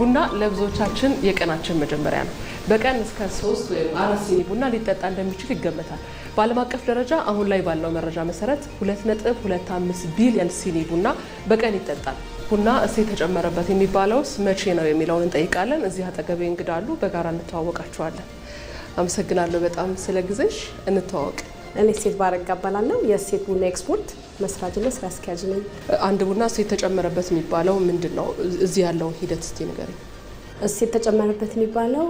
ቡና ለብዙዎቻችን የቀናችን መጀመሪያ ነው። በቀን እስከ ሶስት ወይም አራት ሲኒ ቡና ሊጠጣ እንደሚችል ይገመታል። በዓለም አቀፍ ደረጃ አሁን ላይ ባለው መረጃ መሰረት 2.25 ቢሊዮን ሲኒ ቡና በቀን ይጠጣል። ቡና እሴት ተጨመረበት የሚባለውስ መቼ ነው የሚለውን እንጠይቃለን። እዚህ አጠገቤ እንግዳ አሉ፣ በጋራ እንተዋወቃቸዋለን። አመሰግናለሁ በጣም ስለ ጊዜሽ። እንተዋወቅ። እኔ እሴት ባረጋ እባላለሁ የእሴት ቡና ኤክስፖርት መስራችና ስራ አስኪያጅ ነኝ። አንድ ቡና እሴት ተጨመረበት የሚባለው ምንድን ነው? እዚህ ያለውን ሂደት እስቲ ንገሪኝ። እሴት ተጨመረበት የሚባለው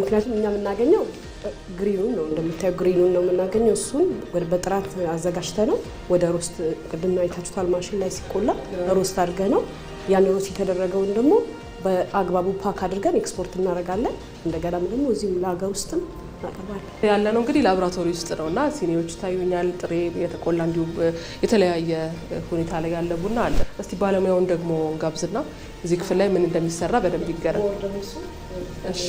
ምክንያቱም እኛ የምናገኘው ግሪኑን ነው እንደምታየው ግሪኑን ነው የምናገኘው። እሱን በጥራት አዘጋጅተ ነው ወደ ሮስት ቅድም አይታችሁታል፣ ማሽን ላይ ሲቆላ ሮስት አድርገ ነው ያን ሮስት የተደረገውን ደግሞ በአግባቡ ፓክ አድርገን ኤክስፖርት እናደርጋለን። እንደገናም ደግሞ እዚሁ ለሀገር ውስጥም ያለ ያለነው እንግዲህ ላብራቶሪ ውስጥ ነው እና ሲኒዎች ይታዩኛል። ጥሬ የተቆላ እንዲሁም የተለያየ ሁኔታ ላይ ያለ ቡና አለ። እስቲ ባለሙያውን ደግሞ ጋብዝና እዚህ ክፍል ላይ ምን እንደሚሰራ በደንብ ይገረል። እሺ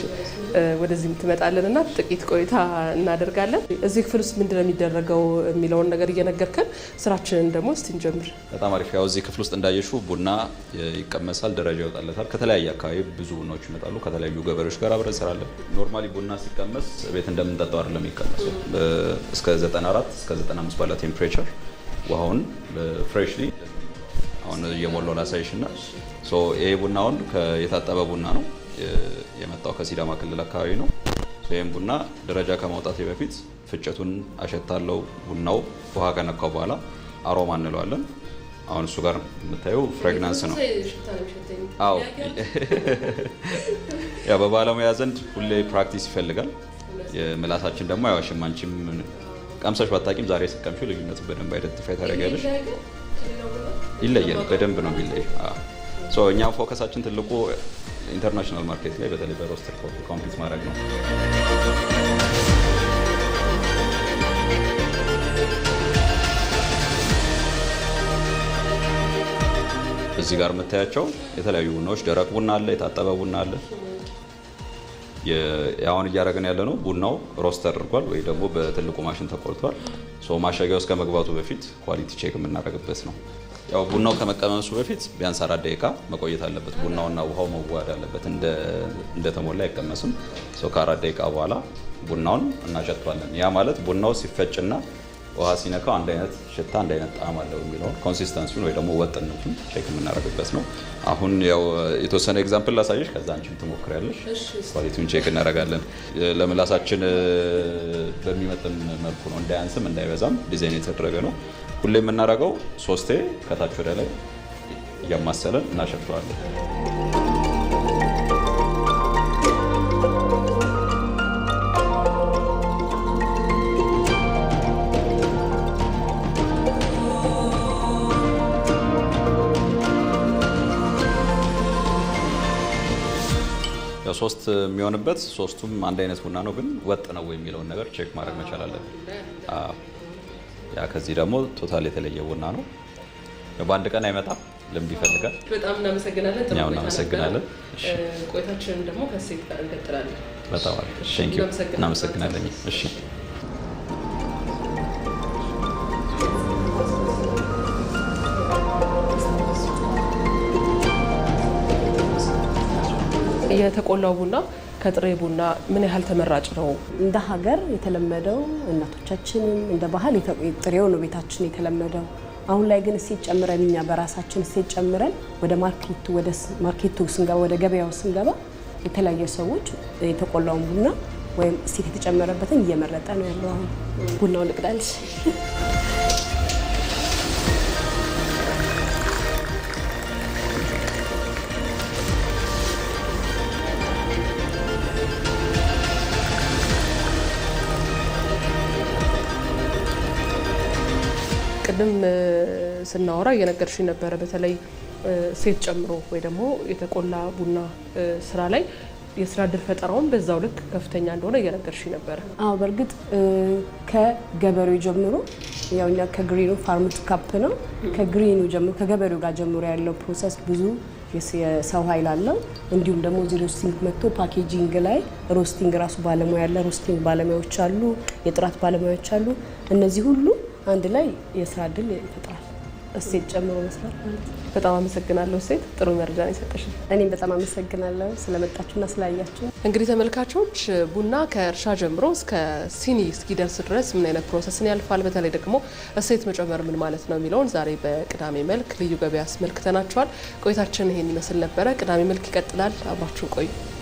ወደዚህም ትመጣለን እና ጥቂት ቆይታ እናደርጋለን። እዚህ ክፍል ውስጥ ምንድን ነው የሚደረገው የሚለውን ነገር እየነገርከን ስራችንን ደግሞ እስቲ እንጀምር። በጣም አሪፍ። ያው እዚህ ክፍል ውስጥ እንዳየሹ ቡና ይቀመሳል፣ ደረጃ ይወጣለታል። ከተለያየ አካባቢ ብዙ ቡናዎች ይመጣሉ። ከተለያዩ ገበሬዎች ጋር አብረን እንሰራለን። ኖርማሊ ቡና ሲቀመስ ቤት እንደምንጠጠው አይደለም ይቀመሱ እስከ 94 እስከ 95 ባለ ቴምፕሬቸር ውሃውን ፍሬሽሊ አሁን እየሞላው ላሳይሽ እና ይሄ ቡና አሁን የታጠበ ቡና ነው የመጣው ከሲዳማ ክልል አካባቢ ነው። ይህም ቡና ደረጃ ከማውጣቴ በፊት ፍጨቱን አሸታለው። ቡናው ውሃ ከነካው በኋላ አሮማ እንለዋለን። አሁን እሱ ጋር የምታየው ፍሬግናንስ ነው። አዎ ያው በባለሙያ ዘንድ ሁሌ ፕራክቲስ ይፈልጋል። የምላሳችን ደግሞ አይዋሽም። አንቺም ቀምሰሽ ባታቂም ዛሬ ስትቀምሺው ልዩነቱ በደንብ አይደንቲፋይ ታደርጊያለሽ። ይለያል። በደንብ ነው የሚለይ እኛም ፎከሳችን ትልቁ ኢንተርናሽናል ማርኬት ላይ በተለይ በሮስተር ኮፊ ኮምፒት ማድረግ ነው። እዚህ ጋር የምታያቸው የተለያዩ ቡናዎች ደረቅ ቡና አለ፣ የታጠበ ቡና አለ። አሁን እያደረግን ያለ ነው። ቡናው ሮስተር አድርጓል ወይ ደግሞ በትልቁ ማሽን ተቆልቷል። ማሸጊያ ውስጥ ከመግባቱ በፊት ኳሊቲ ቼክ የምናደርግበት ነው። ያው ቡናው ከመቀመሱ በፊት ቢያንስ አራት ደቂቃ መቆየት አለበት። ቡናውና ውሃው መዋሃድ አለበት። እንደተሞላ አይቀመስም። ከአራት ደቂቃ በኋላ ቡናውን እናሸቷለን። ያ ማለት ቡናው ሲፈጭና ውሃ ሲነካው አንድ አይነት ሽታ አንድ አይነት ጣዕም አለው የሚለውን ኮንሲስተንሲውን ወይ ደግሞ ወጥነቱን ቼክ የምናደርግበት ነው። አሁን ያው የተወሰነ ኤግዛምፕል ላሳየሽ፣ ከዛ አንቺም ትሞክሪያለሽ። ኳሊቲውን ቼክ እናደርጋለን። ለምላሳችን በሚመጥን መልኩ ነው፣ እንዳያንስም እንዳይበዛም ዲዛይን የተደረገ ነው። ሁሌ የምናደርገው ሶስቴ ከታች ወደ ላይ እያማሰለን እናሸፍተዋለን። ሶስት የሚሆንበት ሶስቱም አንድ አይነት ቡና ነው፣ ግን ወጥ ነው የሚለውን ነገር ቼክ ማድረግ መቻል አለብን። ያ ከዚህ ደግሞ ቶታል የተለየ ቡና ነው። በአንድ ቀን አይመጣም፣ ልምድ ይፈልጋል። በጣም እናመሰግናለን። እኛም እናመሰግናለን። ቆይታችንን ደግሞ ከሴት ጋር እንቀጥላለን። በጣም እናመሰግናለን። እሺ የተቆላው ቡና ከጥሬ ቡና ምን ያህል ተመራጭ ነው? እንደ ሀገር የተለመደው እናቶቻችንም እንደ ባህል ጥሬው ነው ቤታችን የተለመደው። አሁን ላይ ግን እሴት ጨምረን እኛ በራሳችን እሴት ጨምረን ወደ ማርኬቱ ወደ ማርኬቱ ስንገባ ወደ ገበያው ስንገባ የተለያየ ሰዎች የተቆላውን ቡና ወይም እሴት የተጨመረበትን እየመረጠ ነው ያለው። አሁን ቡናውን ልቅዳልሽ ቅድም ስናወራ እየነገርሽ ነበረ በተለይ ሴት ጨምሮ ወይ ደግሞ የተቆላ ቡና ስራ ላይ የስራ እድል ፈጠራውን በዛው ልክ ከፍተኛ እንደሆነ እየነገርሽ ነበረ። አዎ በእርግጥ ከገበሬው ጀምሮ ያው እኛ ከግሪኑ ፋርም ቱ ካፕ ነው። ከግሪኑ ጀምሮ ከገበሬው ጋር ጀምሮ ያለው ፕሮሰስ ብዙ የሰው ኃይል አለው። እንዲሁም ደግሞ እዚህ ሮስቲንግ መጥቶ ፓኬጂንግ ላይ ሮስቲንግ ራሱ ባለሙያ ያለ ሮስቲንግ ባለሙያዎች አሉ፣ የጥራት ባለሙያዎች አሉ። እነዚህ ሁሉ አንድ ላይ የስራ እድል ይፈጥራል። እሴት ጨምሮ መስራት ማለት ነው። በጣም አመሰግናለሁ እሴት፣ ጥሩ መረጃ ነው የሰጠሽ። እኔም በጣም አመሰግናለሁ ስለመጣችሁና ስላያችሁ። እንግዲህ ተመልካቾች ቡና ከእርሻ ጀምሮ እስከ ሲኒ እስኪደርስ ድረስ ምን አይነት ፕሮሰስን ያልፋል፣ በተለይ ደግሞ እሴት መጨመር ምን ማለት ነው የሚለውን ዛሬ በቅዳሜ መልክ ልዩ ገበያ አስመልክተናቸዋል። ቆይታችን ይሄን ይመስል ነበረ። ቅዳሜ መልክ ይቀጥላል። አብራችሁ ቆዩ።